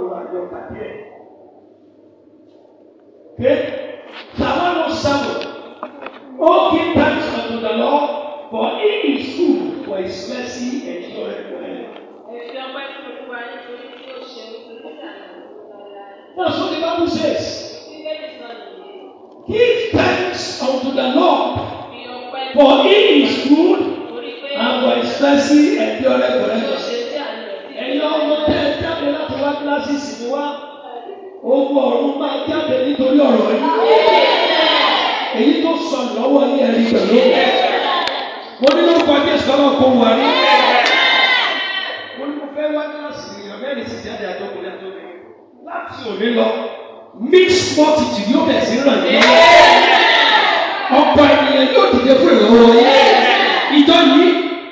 wo ayɔ padeɛ ke sama no samu all give thanks unto the lord for he is good for his mercy endure forever. Now, so the Bible says. Give thanks unto the Lord, for he is good, and for his mercy endure forever lásìsì ni wá owó ọ̀run máa jáde nítorí ọ̀rọ̀ yìí èyí tó sàn lọ́wọ́ ní ẹ̀rí pẹ̀lú mo ní ló pàdé sọ́wọ́ kó wà ní. mo ní mo fẹ́ wá ní àsìkò èèyàn mẹ́rin sì jáde àjọkùnrin àjọkùnrin láti òní lọ mix multitude yóò bẹ̀ sí ràn yín ọ̀pọ̀ ènìyàn yóò dìde fún ìrànwọ́ yín ìjọ yìí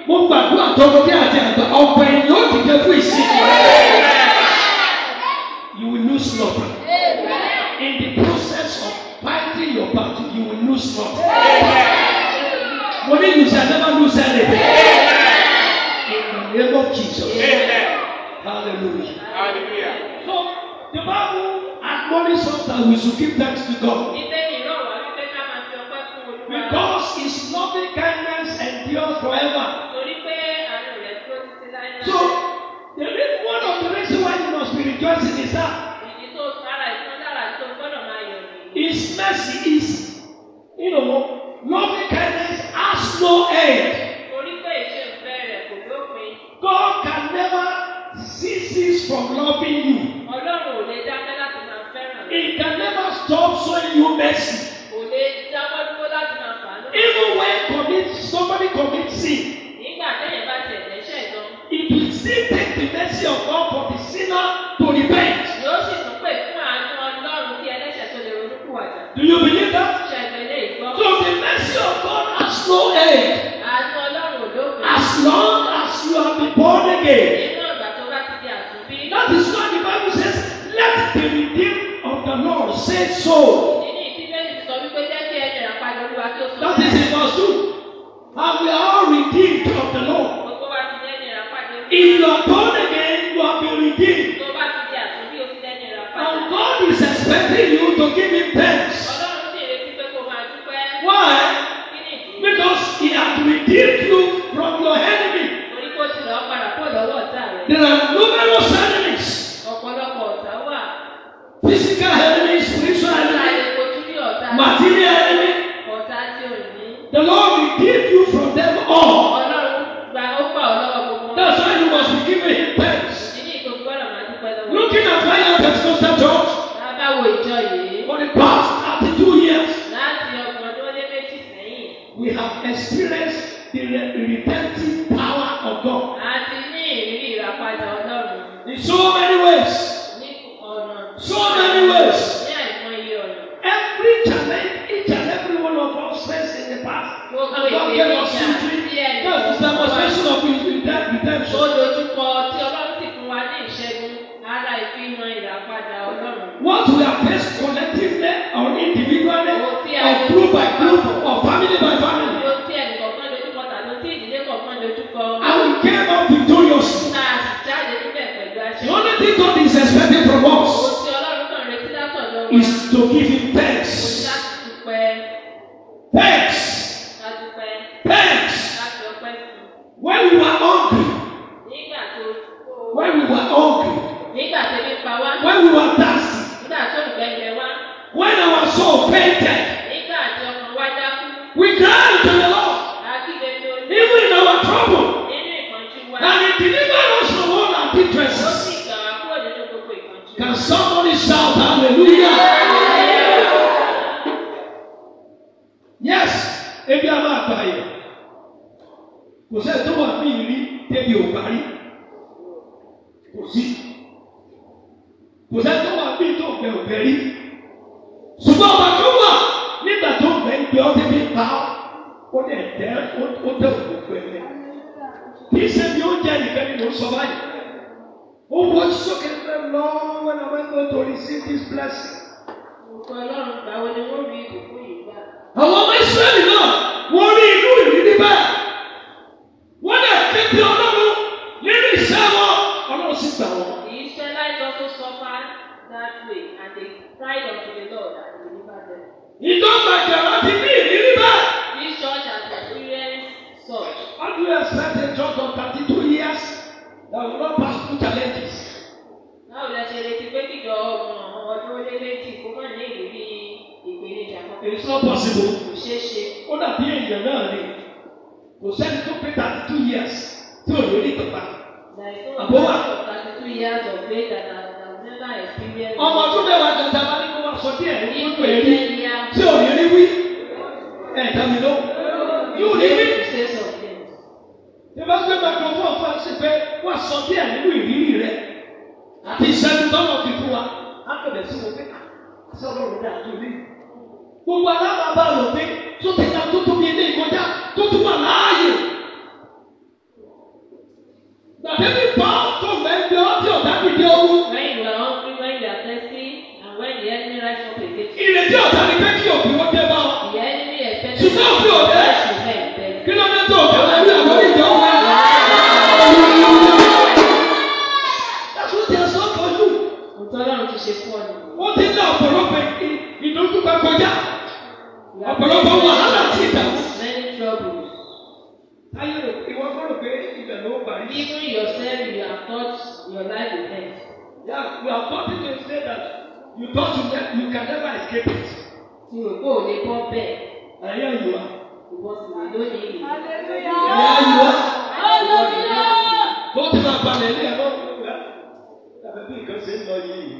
mo gbàdúrà tọmọdé àti àgbà ọ̀pọ̀ ènìyàn yóò dìde fún ìsìnkú lose not. In the process of fighting your battle, you will lose not. Amen. What mean you shall never lose anything? In the name of Jesus. Hallelujah. Hallelujah. So the Bible admonishes us that we should give thanks to God. Because his loving kindness endures forever. So the reason, one of the reasons why you must be rejoicing is that His mercy to give him that way, and they cried unto the Lord and delivered them. Ìjọ Gbàjàrà ti ní ìrírí bẹ́ẹ̀. This church has experienced such. How do you expect a church of thirty-two years that will not pass through challenges? Báwo la ṣe retí pé kíjọ ọgbọ̀n ọdún lé méjì kó má ní ìrírí ìpèníjà kan? It's not possible. Kò ṣeé ṣe. Ó dàbí èèyàn náà ni. Kò sẹ́ni tó pé thirty-two years tí ò lórí ìtọ́ta. Àbúrò wa. Thirty-two years of greater than ọmọ ọdún mẹ́wàá gàdá bá ní kó wá sọ díẹ̀ nínú èyí tí ò ní rí wí ẹ̀ dámi ló yóò ní wí. Ìbá gbé microphone fún àti pé wà sọ díẹ̀ nínú ìrírí rẹ̀ àti ìṣẹ́nu tọ́lọ̀ fi fún wa á bẹ̀rẹ̀ sí wo pé àṣẹ ọlọ́run dà tó rí. Gbogbo alábàbà rò pé tó ti ta tó tóbi ilé ìkọjá tó tún wà láàyè. Gbàdébí bá tó lẹ́gbẹ̀ẹ́ ọdí ọ̀dá dìde owó. ìrètí ọ̀tá ni pé kí òbí wọ́n dé bá wa. ṣùgbọ́n òbí ò dé. kí ló dé tó òbí ọ̀tá ní àwọn ìjọ wa. That's what they are so for you. Òtọ́ Ọlọ́run ti ṣe fún ọ ni. Wọ́n ti ní ọ̀pọ̀lọpọ̀ ìdójúkọ kọjá. ọ̀pọ̀lọpọ̀ wàhálà ti dà. Many troubles. Táyọ̀ you have thought your life is dead. Yeah, you have thought it to say that. You thought you, ne- you can never escape it. Tí o kò lè bọ́ bẹ́ẹ̀. And here you are. Ìbọn sì máa lónìí. Hallelujah. And here you are. Hallelujah. Tó ti máa balẹ̀ ní ẹ̀rọ ìgbà. Tàbí bí nǹkan ṣe ń lọ yìí.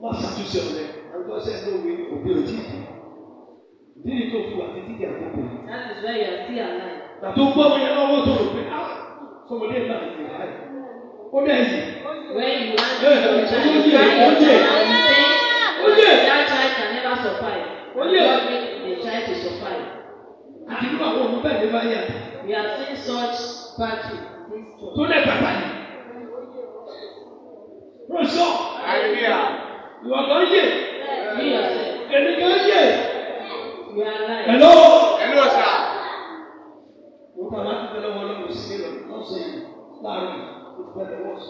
Wọ́n ṣàtúnṣe ọ̀rẹ́. Àgbọ̀ ṣe ń lówe òbí òjì ìdí. Ìdí ni tó fún àti dídí àkókò. That is why you are still alive. Tàbí ó gbọ́ wọn yẹn lọ́wọ́ tó rò pé, "Ah, sọmọdé náà ti rà á yìí." Ó bẹ̀ yìí. When you want to do it, try your best. Oye! Oh, that child can never survive. Oye! They try to survive. Àdìgbò àwọn ọmọ bẹ́ẹ̀ ni bá yà. We have seen such battle. Tó lẹ̀ pàpà yìí. Rọ̀ṣọ́. Àìríà. Ìwọ̀gbọ̀ yè. Bí ọ̀sẹ̀. Ènìyàn yè. You are right. Hello. Hello sir. Wọ́n kàn láti tẹ́lẹ̀ wọn lọ́wọ́ sí ìrọ̀lẹ́ lọ́sẹ̀ yìí láàárín with what it was.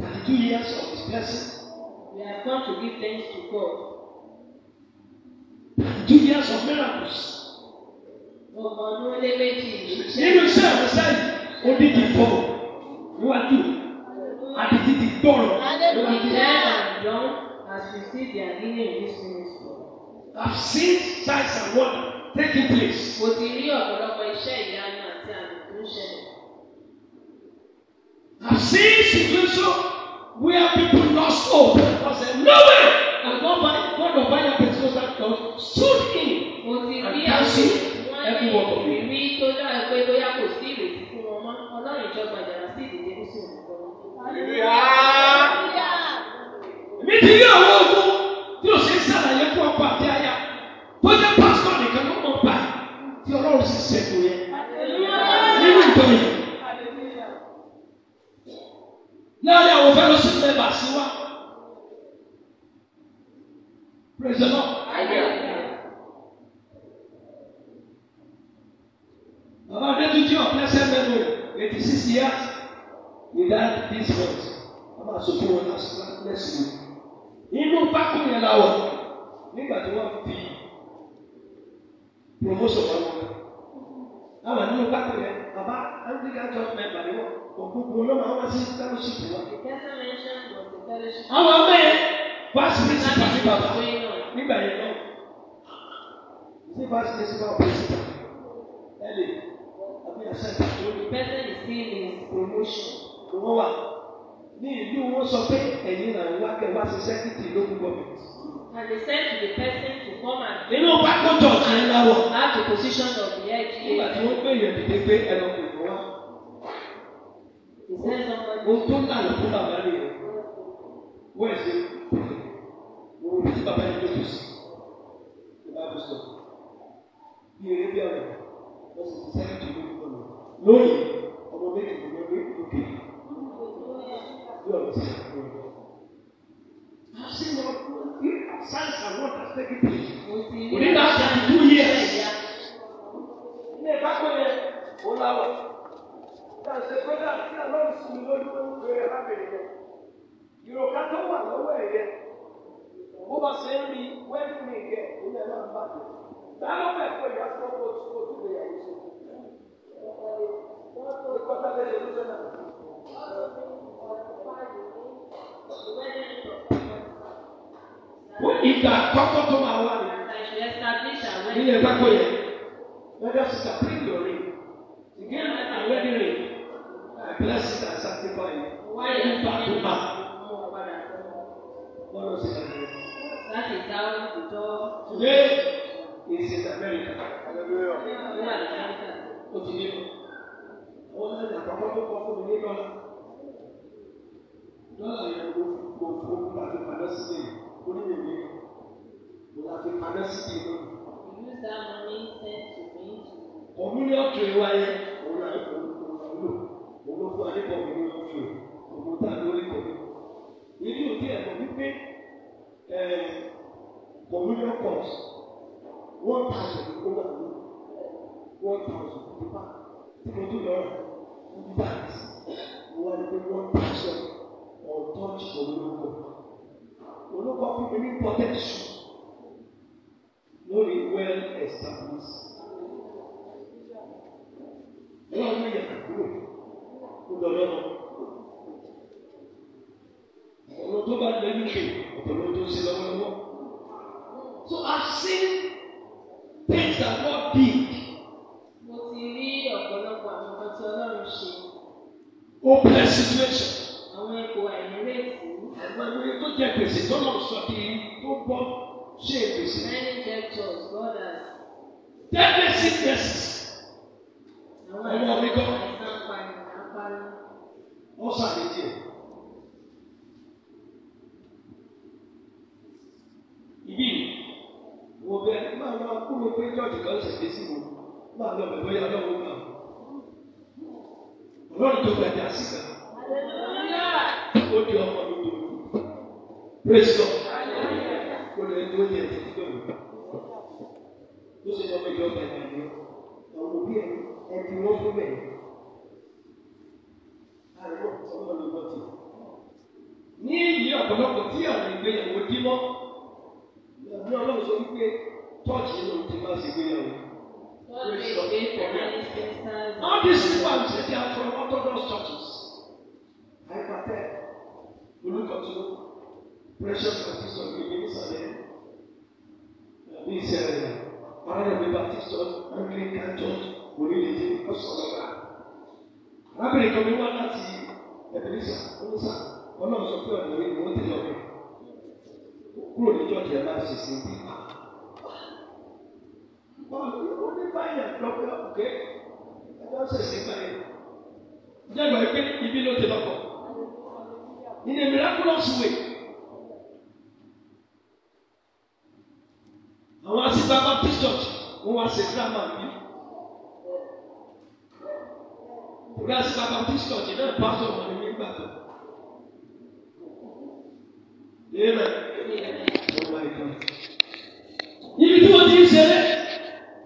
32 years of his blessing. We have come to give thanks to God. 32 years of miracles. Ọmọdún ó lé méjì. Nínú iṣẹ́ ìrẹsẹ̀ ó ní ti bọ̀ níwájú àti ti ti gbọ̀rọ̀. Adébíyí náà and John has received their healing in this ministry. I've seen signs and wonders taking place. Mo ti rí ọ̀pọ̀lọpọ̀ iṣẹ́ ìyanu àti àmì ń ṣẹlẹ̀. I've seen situation where people lost hope I said, no way. And nobody, God of Bible Pentecostal church stood in and cancelled every one of them. Ìrí tó dára pé bóyá kò sí ìrètí fún wọn mọ́, ọlọ́run ìjọba ìjàrá sí ìdílé ó sì wù wọ́n. Nítorí àwọn ogun tí o ṣe ń ṣàlàyé fún ọkọ àti aya, tó jẹ́ pásítọ̀ nìkan ló mọ̀ bá tí ọlọ́run sì ṣẹ̀kù yẹn. ní ayé àwọn fellowship members wa praise the lord. Bàbá Adétúnjì ọ̀pẹ́sẹ̀ mẹ́nu eighty six years without this world. Bàbá àsopọ̀ wọn lẹ́sìn wọn. Inú pákó yẹn la wọ̀ nígbà tí wọ́n fi promotion wọn. Àwọn nínú pákó yẹn. Bàbá Anglican church member ni wọ́n. Òkùnkùn ló máa wá sí fellowship wa. Àwọn ọmọ yẹn wá sí ní sípà ní bàbá nígbà yẹn náà. Sípà sí ní sípà ọ̀pọ̀ sípà. Ẹ lè àbí ẹsẹ̀ ìdúró. The person is still in his promotion. Wọ́n wà ní ìlú wọn sọ pé ẹ̀yin náà wá kẹ́ wá sí sẹ́kítì lókun gọ́ọ̀mẹ̀ntì. And they said the person to come and. Nínú pákó jọ̀ọ̀kan ńlá wọ̀. Have the position of nígbà tí wọ́n gbèyàn dìde pé ẹnu kò tó wá. ohun tó ń lànà fún bàbá rẹ̀ wọ́n ẹ̀sìn òun tí bàbá yẹn tó tù sí ìbá tó sọ bí eré bí ọ̀rọ̀ wọ́n sì ti sẹ́yìn tó lórí ọ̀nà lórí ọmọ méjì tó lórí òkè bí ọ̀rọ̀ sí ọ̀rọ̀. I've seen what signs and wonders taking place within that 32 years ìyẹn tako yẹn òun la wà náà ṣe pé náà kí náà lọ́rùn sí mi lórí pé ẹ bá bèrè yẹn ìrọ̀ká tó wà lọ́wọ́ ẹ̀ yẹn bó bá ṣe ń rí wẹ́ẹ̀dù mi yẹ òun ẹ̀ máa ń bàjẹ́ dáná fẹ́ pé ìyá sọ pé oṣù tó tún lè yà yìí Ìgbà kọ́kọ́ tó máa wá ní. Ilé ìdákọ̀ yẹn. Let us supreme your ring. Again, I am ready ring. I bless it and sanctify it. Why enter to man? What was it? That is how the door. Today is in America. Hallelujah. are Continue. Wọ́n ní àkọ́kọ́ tó kọ́ fún mi ní dọ́là. Dọ́là yẹn kò kò kò kó láti padà sílé oníyèmí. Kò láti padà sílé náà. You use that money sent to òun ní ọ̀tún ìwà yẹn òun náà òun lò òun ló fún adébọ̀ mi ní ọ̀tún òun tá lórí kọ̀ ìdí òdì ẹ̀kọ́ wípé communion cups one thousand ó wà ní one thousand nípa tí mo tún lọ rà ní mo wá ní pé one thousand ọ̀tọ́jú communion cup olùkọ́ fún mi ní protection lórí well established. ọ̀dọ̀ lọ́nà. tó bá lẹ́ UK ọ̀dọ̀ tó ń ṣe lọ́wọ́lọ́wọ́. So I see things that God be. Mo ti rí ọ̀pọ̀lọpọ̀ àwọn ọmọ tí Ọlọ́run ṣe. Open situation. Àwọn ipò àìrètí. Àwọn ẹni tó jẹ gbèsè tó lọ sọ di tó bọ́ ṣe gbèsè. Many debtors, God has. Debtors gbèsè. máa lọ bẹ̀rẹ̀ bóyá ọlọ́run kan ọlọ́run tó gbàjà sí kan ó di ọmọ lójú praise God kó lè tó ti tó ó sì lọ méjì ọgbà ẹ̀yà ni àwọn òbí ẹ̀ ẹ̀ wọ́n fún bẹ́ẹ̀ àìwọ̀ ọmọ lójú ọtí ní ìyí ọ̀pọ̀lọpọ̀ tí àwọn ìgbéyàwó dín ìyàwó ọlọ́run sọ wípé tọ́ọ̀tì ló ti máa ṣègbéyàwó. All these people are saying they are from Orthodox churches. I can tell. We look at you. Precious Baptist of Jerusalem. This area. One of the Baptist of Anglican Church. Onídìí ọ̀sọ̀lọ́gbà. Rábìrì kan mi wá láti Ẹ̀bìnísà, Onísà, ọlọ́run sọ pé ọ̀nà ìwé ni wọ́n ti lọ. Kúrò ní jọ́ọ̀jì ẹ̀ máa ṣèṣin bíi ó ní báyà lọ́pẹ́ òkè ẹjọ́ ṣèṣe báyà. Ìjọba yìí pé ibi ló ti lọ́kọ̀. In a miraculous way. Àwọn asísá Baptist Church wọ́n wá ṣe drama bí. Ìgbà asísá Baptist Church náà pásọ̀ wọn ní nígbà tó. Amen. Oh my God. Ibi tí wọ́n ti ń ṣeré.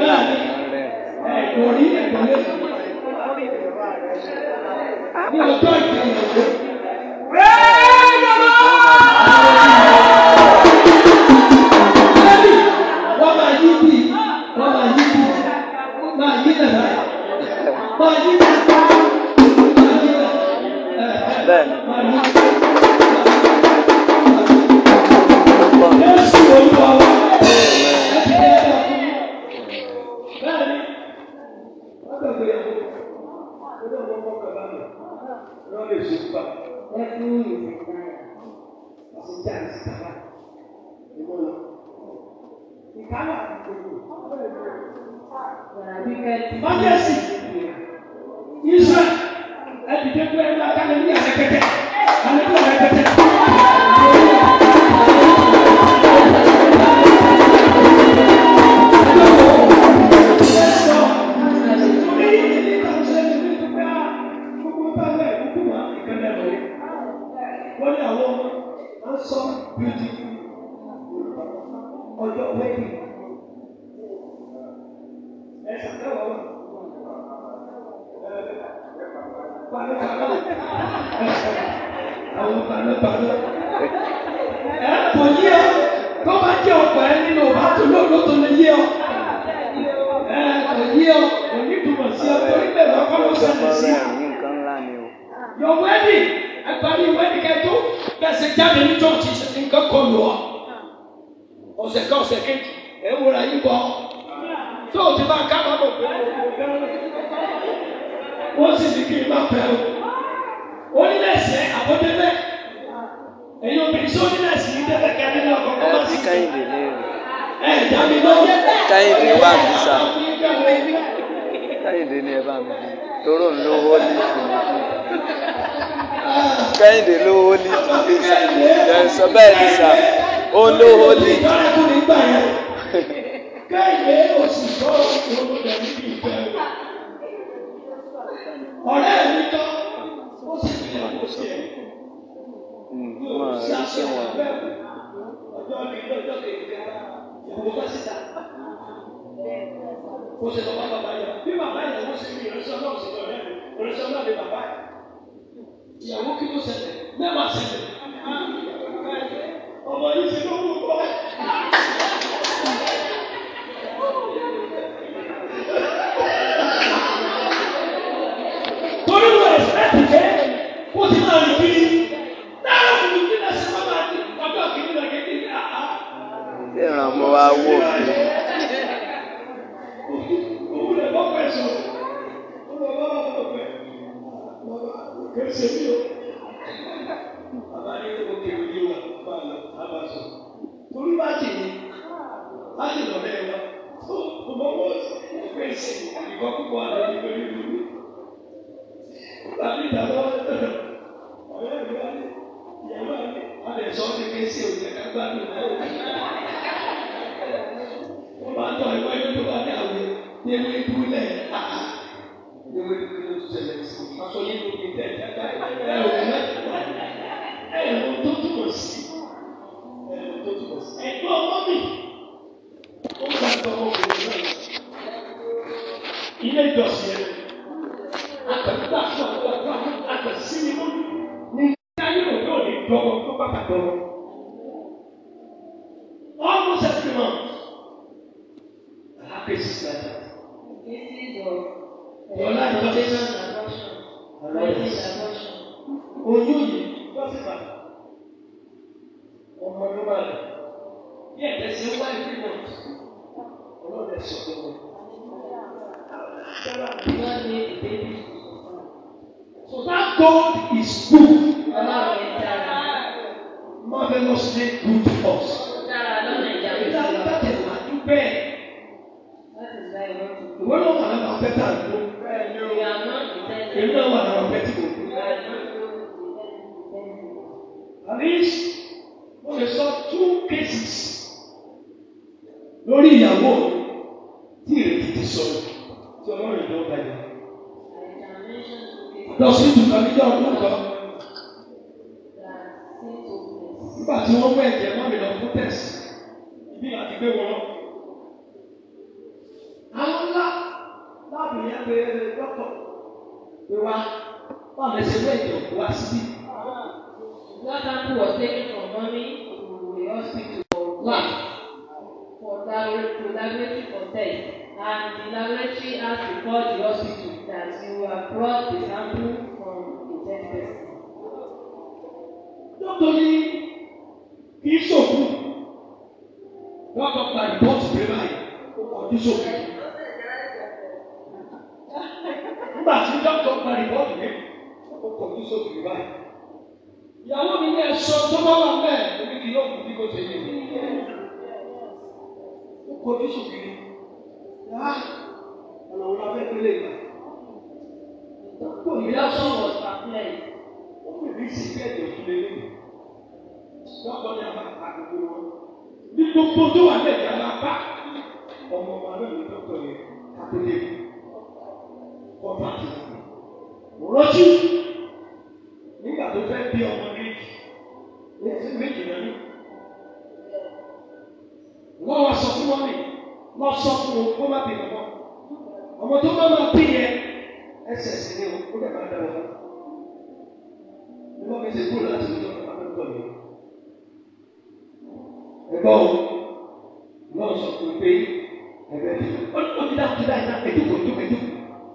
Bẹ́ẹ̀ni, ẹ̀kọ́ rí ẹ̀kọ́ lé. Ní ọjọ́ banget banget. Kalau banget banget. sọ bẹ́ẹ̀ ni sà ó ló ó kẹ́hìndé òṣìṣọ́ olùdẹ̀ níbi ìfẹ́ ọ̀rẹ́ mi tọ́ ó sì fi ẹ̀kọ́ sí ẹ̀. máa rí sí wọn. ọjọ́ mi lọ́jọ́ kejì ìwé bá síta. ó ṣe lọ́wọ́ bàbá yẹn bí bàbá yẹn wọ́n ṣe fi ìrẹsọ́ náà sí ọ̀rẹ́ mi ìrẹsọ́ náà ni bàbá yẹn. ìyàwó kí ló ṣẹlẹ̀ mẹ́wàá ṣẹlẹ̀. 我们一起努力。ilé ìjọsìn ọkùnrin pé dọ́kọ̀ pé wá wọ́n lè ṣe lẹ́yìn òkú wá síbí. Lọ́dàkú was taken from mommy to the hospital for work for laboratory for test and the laboratory has to call the hospital that you have brought the sample from the dentist. person. Dọ́kítọ̀ ní kì í ṣòkú. Wọ́n kọ́ pa rìpọ́ọ̀tù pé báyìí, ó kọ̀ ní ṣòkú. aṣọ tó bá wà mẹ́ẹ̀ èmi kì yóò kú bí kò ṣe yẹ. Ó kọ ojúṣe kiri. Yá ọ̀nà wọn abẹ́ pélé ìgbà. Kò ní aṣọ wọn ṣàpẹ́ yìí. Ó pè mí sí bí ẹ̀jẹ̀ òfin lè rí. Lọ́kọ̀ ní àbá àgbègbè wọn. Ní gbogbo tó wà lẹ́yìn àlàbá, ọmọ ọmọ abẹ́ mi dọ́kọ̀ yẹn kápẹ́lẹ́ kọ́ńtàkì. Rántí nígbà tó fẹ́ bí ọmọ ní ètí méjì náà ní. wọ́n wá sọ fún wọn mi wọ́n sọ fún wọn wọ́n má bí wọn. ọmọ tó bá máa bí yẹ ẹsẹ̀ sí ni ó lè má dá wọn. fi ṣe kúrò láti ní ọ̀nà àbẹ̀tọ̀ mi. ẹ̀gbọ́n o wọ́n sọ fún pé ẹ̀gbẹ́ mi ó ti dá ti dá iná ẹ̀dúkò ẹ̀dúkò ẹ̀dúkò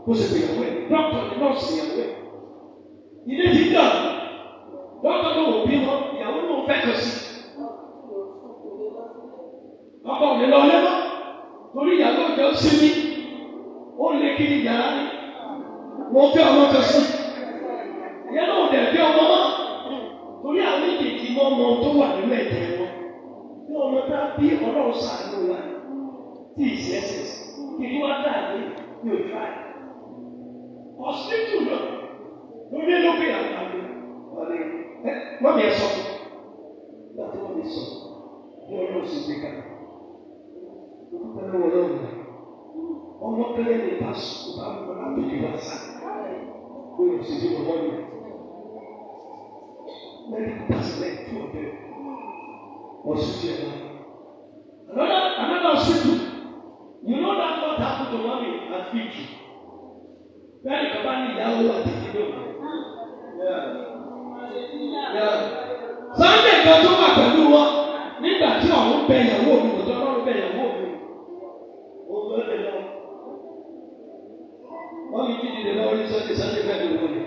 kó sì pè ìyàwó ẹ̀ dọ́kítọ̀ ni nọ́ọ̀sì ìyàwó ẹ̀. ìdí ti dà dọ́kítọ̀ náà wò bí fẹ́ kan sí. Ọkọ òní lọ lẹ́mọ́ torí ìyàwó ọjọ́ sí mi ó lé kí ni yàrá ni mo fẹ́ ọmọ kan sí. Ìyẹn náà ò dẹ̀ fẹ́ ọmọ mọ́ torí àwọn méjèèjì mọ́ ọmọ tó wà nínú ẹ̀jẹ̀ wọn. Ní ọmọ tá a bí ọlọ́run sàánú wa tí ìṣẹ́sẹ̀ kì í wá dàbí ní òjò àyè. Ọ̀sìtù náà ló dé lókè àgbàdo. Wọ́n wọ́n ní ẹ sọ fún un sọ bó ló sì gbé ká òkúta lọ́wọ́ lọ́wọ́ rẹ̀ ọmọ kẹlẹ́ ní pásù kò bá mọ àbílí wá sá bó ló sì bí ọmọ rẹ̀ mẹ́rin pásù Another another hospital, you know that what happened to mommy at Fiji? Very bàbá ní ìyàwó àti ìdílé Yeah. Yeah. Sunday kan tó wà pẹ̀lú wọn nígbà tí ọ̀run bẹ ìyàwó mi kò tó ọlọ́run bẹ ìyàwó mi ó lọ lè lọ. Wọ́n ní kí nìyẹn lọ́wọ́ ní Sunday Sunday pẹ̀lú wọn ni.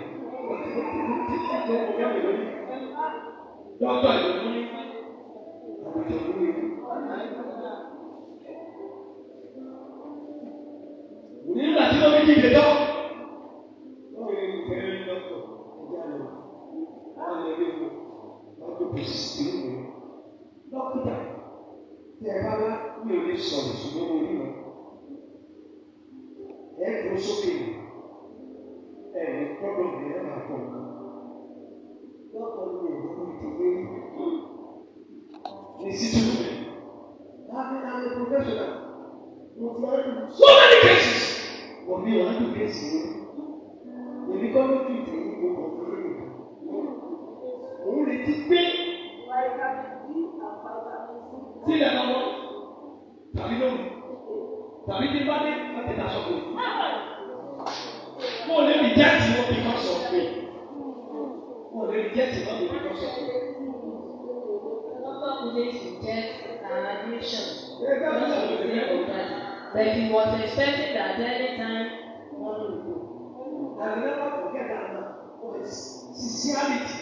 Dọ́kítà yóò fún Àwùjọ fún mi. Nígbà tí wọ́n méjì lè lọ. sọ̀rọ̀ ṣùgbọ́n mo rí wọn. Ẹ dúró sókè ní ẹ̀mí tọ́dọ̀ mi ẹ̀ máa tọ̀ mí. Lọ́pọ̀ ní èdè mi ti gbé rí. Ní sísú mi, láàbí àmì professional, mo ti máa ń dùn so many àbí tí bá dé wọ́n ti dasọ pé wọ́n lè rí jẹ́ẹ̀tì wọ́n bí kọ́sọ̀ pé wọ́n lè rí jẹ́ẹ̀tì wọ́n bí kọ́sọ̀ pé. Doctor Kunle suggests an admission not to but he was expected at any time one would go. I will never forget that man for his sincerity.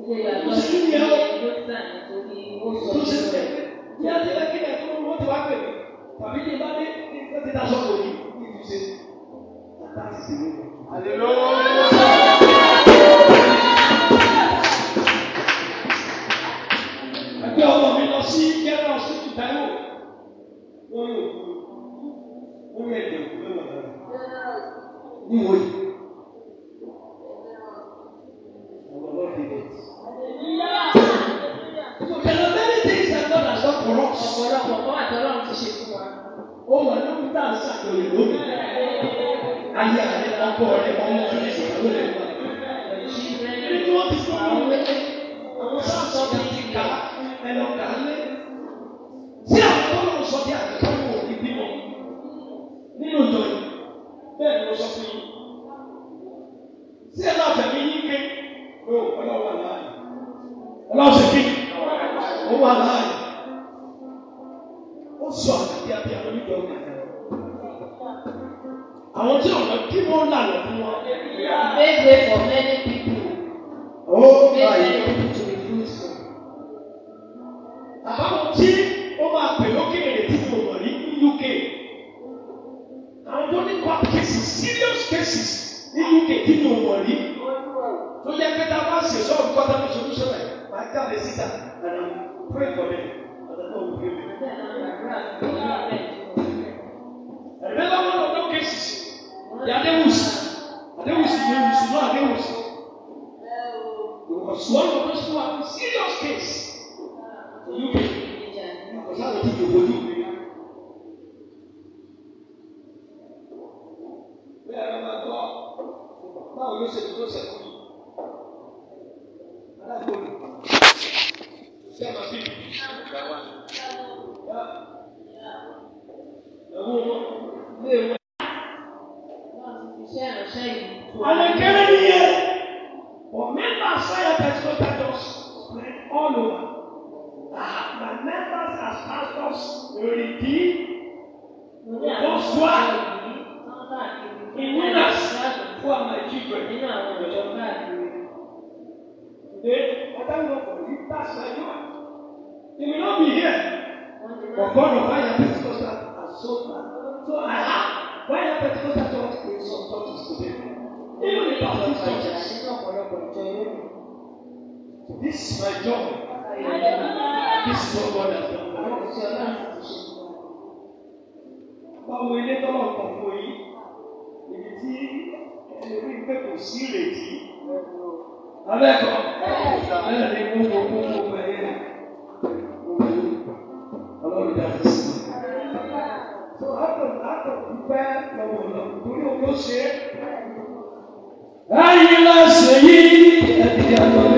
Ilé ìgbàgbọ́ sí ilé ìgbàgbọ́ sí ilé ìwòsàn. Tó ṣe ń tẹ̀lé. Bí a ti lè kí ẹ̀ tó wọ́n ti wá pè mí tàbí ní bá dé ní ká ti kò ní ní ìtúnṣe tàbí Ẹgbẹ́ ọmọ mi lọ sí Yẹ́rọ Ṣíkì Táíwò. Wọ́n ní òkú, wọ́n ní ẹ̀jẹ̀ òkú mẹ́wàá náà. Níwọ̀nyí. there. This is my job. This is what God has done. Báwo ilé tọ́lọ̀ kan fún yín? Ibi tí ẹlòmí pé kò sí ìrètí. Abẹ́kọ̀ bẹ́ẹ̀ ni mú mo kún mo pẹ̀ yẹn. Ọlọ́run dá sí sí. So látọ̀ látọ̀ dúpẹ́ lọ́wọ́ lọ, torí o ló ṣe é. Láyé lọ ṣèyí, ẹ ti yàtọ̀ ní.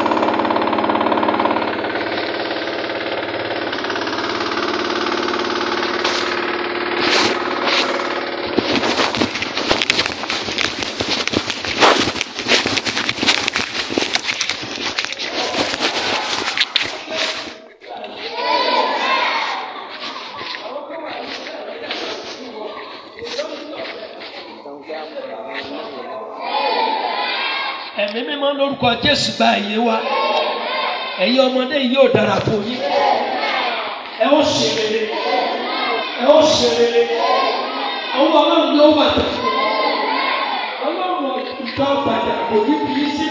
orúkọ jésù gba àyè wa ẹ̀yin ọmọdé yìí yóò dára fún yín ẹ ó ṣe rere ẹ ó ṣe rere ọwọ́ ọlọ́run ló wà tó fún ọ ọlọ́run ọ̀gá ọ̀gbàdà kò ní fi í sí.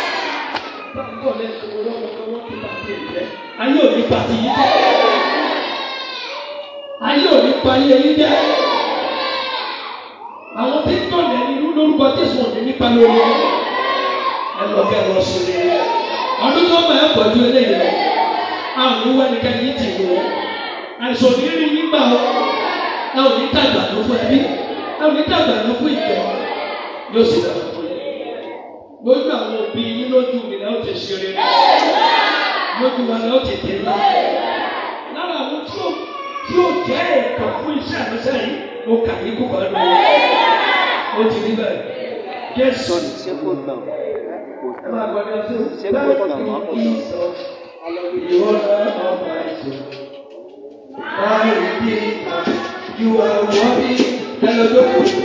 báwo lẹ sọ ọlọ́wọ́ ọlọ́wọ́ tó bá ti rẹ̀ ayé ò ní pàtì yìí jẹ́ ayé ò ní pa ayé yìí jẹ́ àwọn tí ń tọ̀lẹ̀ nínú lórúkọ Jésù ò ní nípa lórí ẹ lọ bẹ́ẹ̀ lọ sí i ọdún tó máa ń pọ̀ ju eléyìí lọ àwọn ìwé ẹnikẹ́ni ti wọ̀ ọ́ àìsàn ò nígbà ọ́ ẹ ò ní tàgbà ló fún ẹbí ẹ ò ní tàgbà ló fún ìjọ yóò sì dàgbà lójú àwọn òbí yín lójú mi náà ó ti ṣe rere lójú wa náà ó ti tẹ̀ lọ. lára àwọn tí ó tí ó jẹ́ ètò fún iṣẹ́ àmọ́ṣẹ́ yìí mo kà ní kúkọ́ ẹnu ó ti rí bẹ́ẹ̀ Jésù ẹ máa gbọ́dọ̀ sí i báyìí kì í sọ ìwọ́nà ọmọ ẹ̀jẹ̀ báyìí kì í sọ ìwà ìwọ́bí ẹlẹ́dọ́kùnrin.